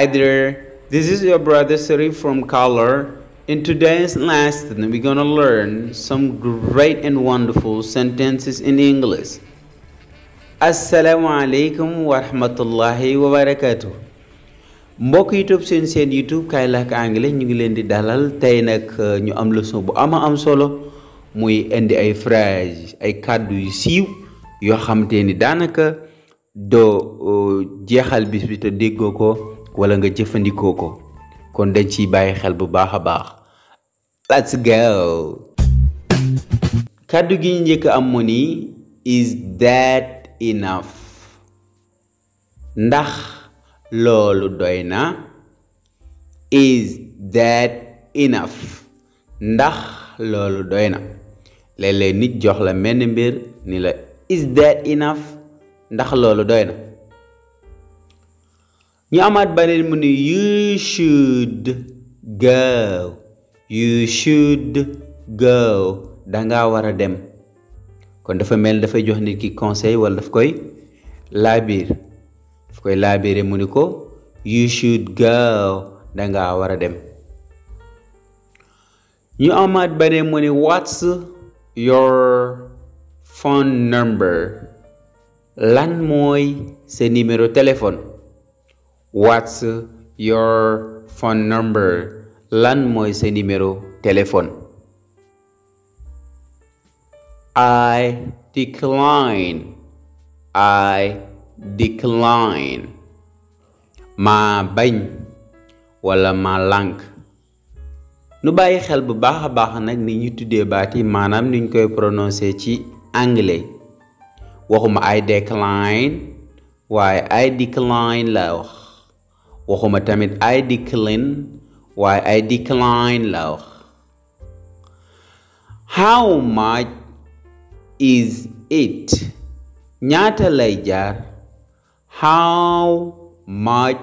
Hi there, this is your brother Sharif from Color. In today's lesson, we're gonna learn some great and wonderful sentences in English. Assalamu alaikum wa rahmatullahi mbokk YouTube seen seen YouTube kaay làkk anglais ñu ngi leen di dalal tey nag euh, ñu am leçon bu ama am solo muy indi ay phrase ay kàddu yu siiw yoo xam te ni daanaka doo euh, jeexal bis bi te ko. wala nga jëfandikoo ko kon dañ ciy bàyyi xel bu baax a baax let's kàddu gi ñu njëkk am mu ni is that enough ndax loolu doy na is that enough ndax loolu doy na léeg-léeg nit jox la menn mbir ni la is that enough ndax loolu doy na ñu amaat baneen mu ne you should go you should war a dem kon dafa mel dafay jox nit ki conseil wala daf koy laabiir koy laabiire mu ni ko you should go dangaa war a dem ñu amaat baneen mu ne what's your phone number lan mooy sa numéro téléphone what's your phone number lan mooy sa numéro téléphone I decline I decline ma bañ wala ma lànk nu bàyyi xel bu baax a baax nag ni ñu tuddee baat yi maanaam niñ koy prononcé ci anglais waxuma I decline waaye I decline laa wax waxuma tamit I decline waaye I decline la wax how much is it ñaata lay jaar how much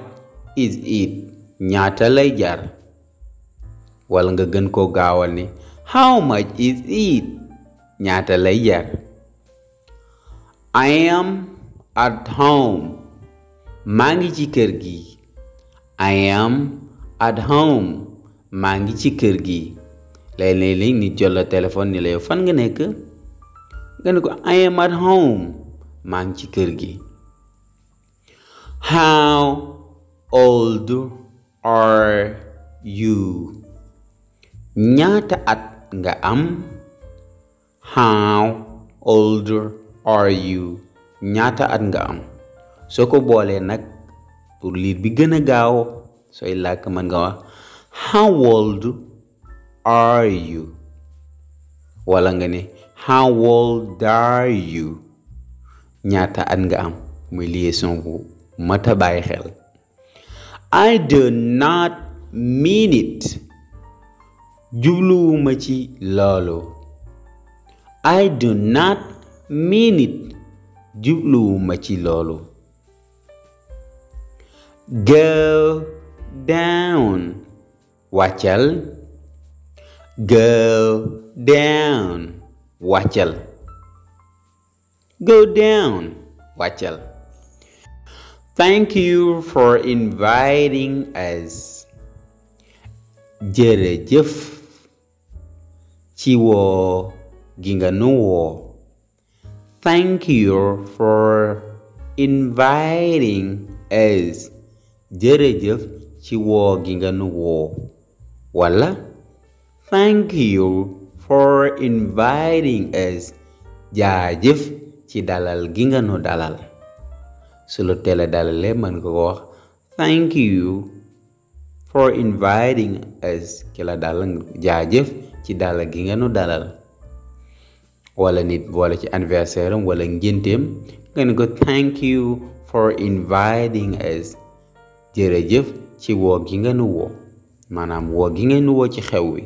lay jaar wala nga gën koo gaawal ni how much is it ñaata lay jaar I am at home maa ngi ci kër gi I am at home maa ngi ci kër gi léeg-léeg nit jël la téléphone ni la yow fan nga nekk nga ne ko I am at home maa ngi ci kër gi how old are you ñaata at nga am how old are you ñaata at nga am soo ko boolee nag pour liir bi gën a gaaw sooy làkk mën nga wax how old you wala nga ne how old are you ñaata at nga am muy liaison bu mat a bàyyi xel I do not mean it jubluwuma ci loolu I do not mean it jubluwuma ci loolu go down wàccal go down wàccal go down wàccal thank you for inviting us jërëjëf ci woo gi nga nu woo thank you for inviting us jërëjëf ci woo gi nga nu woo wala thank you for inviting us jaajëf ci dalal gi nga nu dalal su la dalalee mën ko wax thank you for inviting us ki dalal jaajëf ci dalal gi nga nu dalal wala nit wala ci anniversaire am wala ngénteem nga ne ko thank you for inviting us jërëjëf ci woo gi nga maanaam woo gi nga nu ci xew wi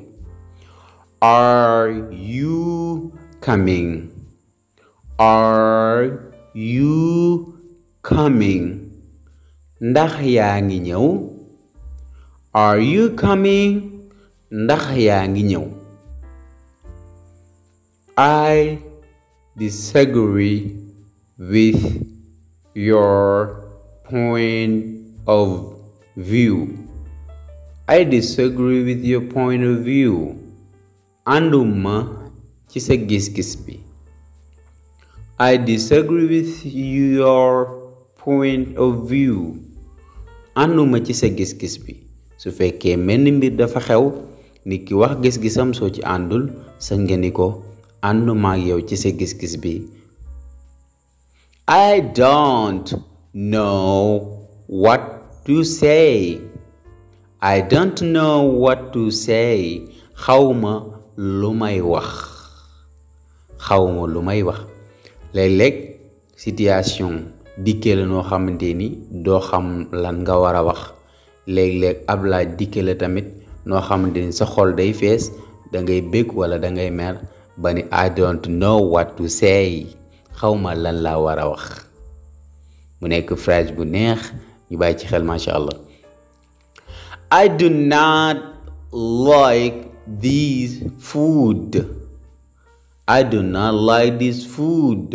are you coming are you coming ndax yaa ngi ñëw are you coming ndax yaa ngi ñëw I disagree with your point of view. I disagree with ci sa gis-gis bi. Su fekkee menn mbir dafa xew nit ki wax gis-gisam soo ci àndul sa nga ko ànduma yow ci sa gis-gis bi. I don't know what to say I don't know what to say xawma lu may wax xawma lu may wax léeg-léeg situation dikkee la noo xamante ni doo xam lan nga war a wax léeg-léeg ab laaj dikkee la tamit noo xamante ni sa xol day fees dangay ngay bég wala da mer ba ni I don't know what to say xawma lan laa war a wax mu nekk phrase bu neex ñu ci xel macha allah I do not like this food I do not like this food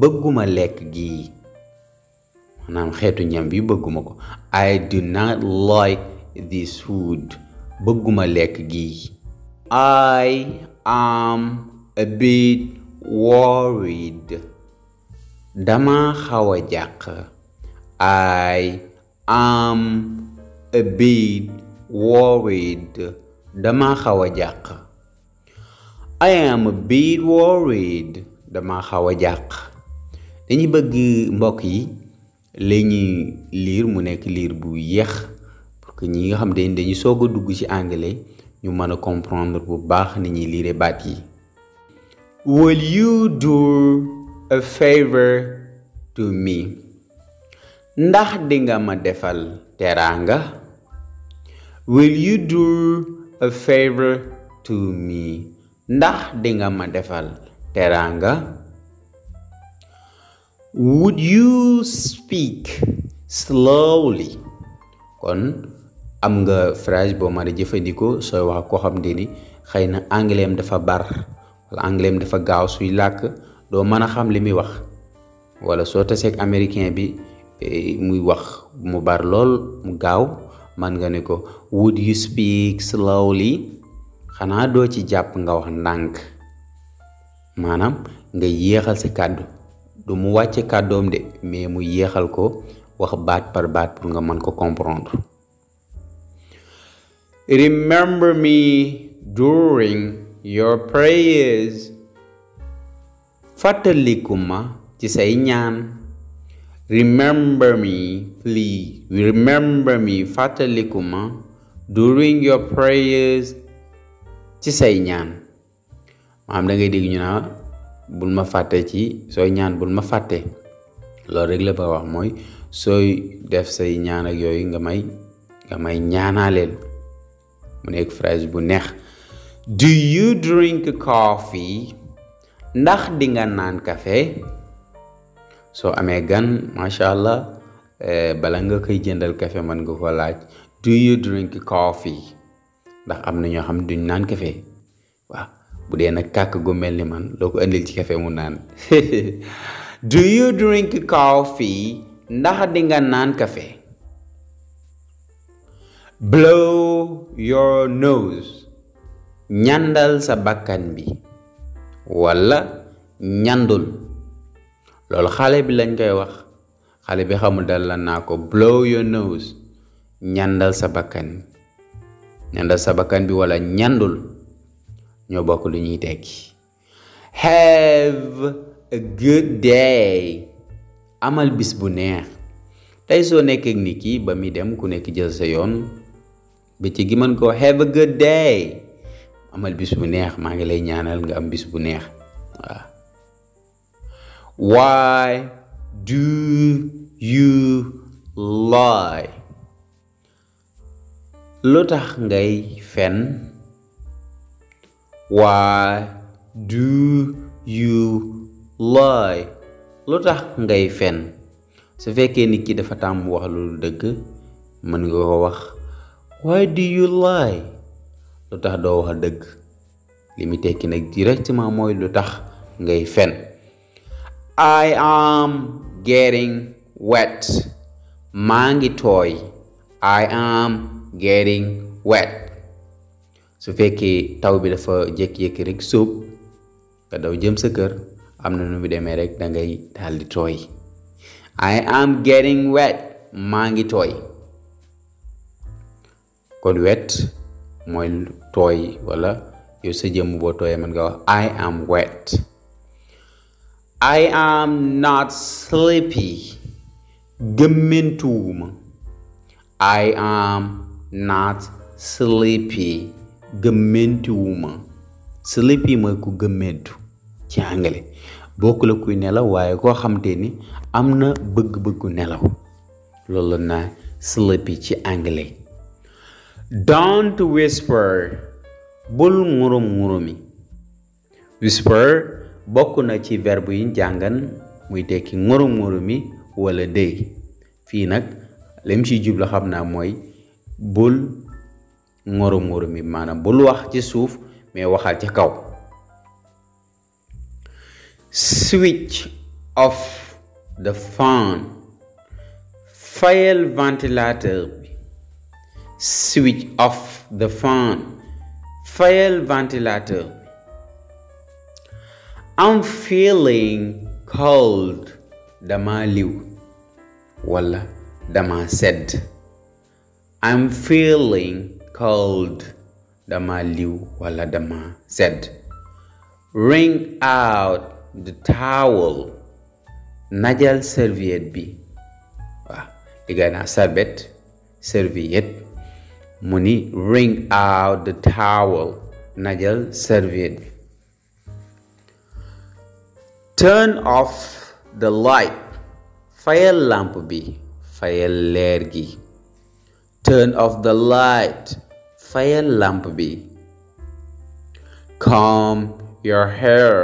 bëgguma lekk gi maanaam xeetu ñam bi bëgguma ko I do not like this food bëgguma lekk gi I am a bit worried dama xaw a jàq I am a bit worried. Dama xaw a jàq. am a bit xaw a jàq. dañuy bëgg mbokk yi la liir mu nekk liir bu yéex pour que ñi nga xam dañ dañuy soog a dugg ci anglais ñu mën a comprendre bu baax ni ñuy liire baat yi. Will you do a favor to me? ndax dinga ma defal teraanga will you do a favor to me ndax dinga ma defal teraanga would you speak slowly kon am nga frage boo mën a jëfandikoo sooy wax koo xam ne ni xëy na anglais am dafa bar wala anglais am dafa gaaw suy làkk doo mën a xam li muy wax wala soo taseeg américain bi Eh, muy wax mu bar lool mu gaaw man nga ne ko would you speak slowly xanaa doo ci jàpp nga wax ndànk maanaam nga yéexal sa kàddu du mu wàcce kàddoom de mais mu yéexal ko wax baat par baat pour nga mën ko comprendre remember me during your prayers fàttalikuma ci say ñaan Remember me, please. fàttaliku ma. During your prayers, ci say ñaan. maanaam da ngay dégg ñu naa bul ma fàtte ci sooy ñaan bul ma fàtte loolu rek la ba wax mooy sooy def say ñaan ak yooyu nga may nga may ñaanaaleel mu nekk phrase bu neex. Do you drink coffee? ndax dinga naan kafe soo amee gan macha allah eh, bala nga koy jëndal kafe man nga ko laaj do you drink coffee ndax am na ñoo xam ne duñ naan kafe waaw bu dee nag kàkk gu mel ni man loo ko ci kafe mu naan do you drink coffee ndax dinga naan kafe blow your nose ñandal sa bakkan bi walla ñandul loolu xale bi lañ koy wax xale bi xamul dal lan naa ko blow your nose ñandal sa bakkan sa bakkan bi wala ñandul ñoo bokk lu ñuy tekki have a good day amal bis bu neex tey soo nekkee ni kii ba muy dem ku nekk jël sa yoon bëccëg gi mën koo have a good day amal bis bu neex maa ngi lay ñaanal nga am bis bu neex waaw Why do you lie? lu tax ngay fen why do tax ngay fen su fekkee nit ki dafa tàmm wax lu dëgg mën nga ko wax why do you lie lu tax doo wax dëgg li mu tekki nag directement mooy lu tax ngay fen I am getting wet. maa ngi tooy. I am getting wet. su fekkee taw bi dafa jékki-jékki rek sóob nga daw jëm sa kër am na nu mu demee rek da ngay daal di tooy. I am getting wet. maa ngi tooy. kon wet mooy tooy wala yow sa jëmm boo tooyee mën nga I am wet. I am not sleepy. Gëmmentuwuma. I am not sleepy. Gëmmentuwuma. Sleepy mooy ku gëmmentu ci anglais bokk la nelaw waaye koo xamte ni am na bëgg-bëggu nelaw loolu la naa ci anglais. Don't whisper. Bul ngurum ngurumi. Whisper. bokk na ci verbe yi jàngan muy tekki ŋorom ŋoromi wala dey fii nag lim ci jublu xam naa mooy bul ŋorom ŋoromi maanaam bul wax ci suuf mais waxal ci kaw switch off the fan fayal ventilateur bi switch off the fan fayal I'm feeling cold dama liw wala dama sedd I'm feeling cold dama liw walla dama sedd wring out the towel najal serviette bi waaw digga naa sarbet serviette mu ni wring out the towel najal serviette turn off the light fayal làmp bi fayal leer gi turn off the light fayal làmp bi comb your hair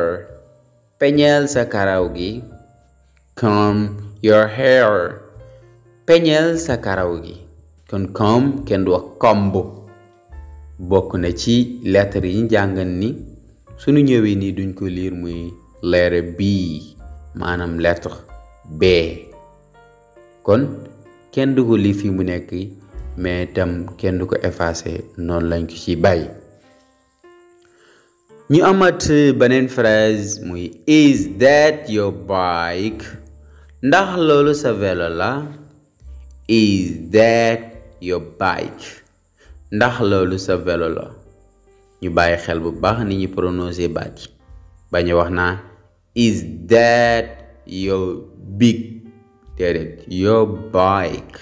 peñeel sa karaw gi comb your hair peñeel sa karaw gi kon comb kenn du wax comb bokk na ci lettre yi ñu ni sunu ñëwee nii duñ ko liir muy leere bii maanaam lettre B kon kenn du ko lii fii mu nekk mais itam kenn du ko effacer noonu lañ ko ci bàyyi ñu amat beneen phrase muy is that your bike ndax loolu sa vélo la is that your bike ndax loolu sa vélo la ñu bàyyi xel bu baax ni ñu prononcer baat bañ a wax naa is that your big déedéet your bike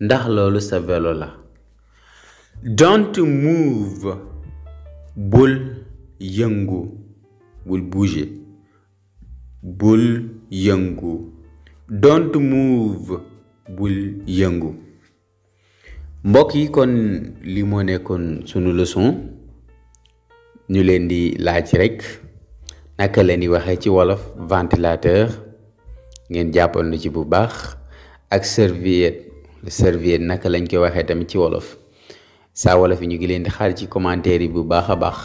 ndax loolu sa vélo la don't move bul yëngu bul bouger bul yëngu don't mbokk yi kon li moo nekkoon sunu leçon ñu leen di laaj rek naka la ñuy waxee ci wolof ventilateur ngeen jàppandu ci bu baax ak servie serviette naka lañ koy waxee tamit ci wolof saa wolof ñu ngi leen di xaar ci commentaire yi bu baax a baax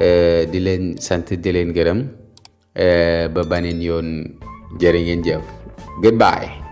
euh, di leen sant di leen gërëm euh, ba baneen yoon jërë ngeen jëf goodbye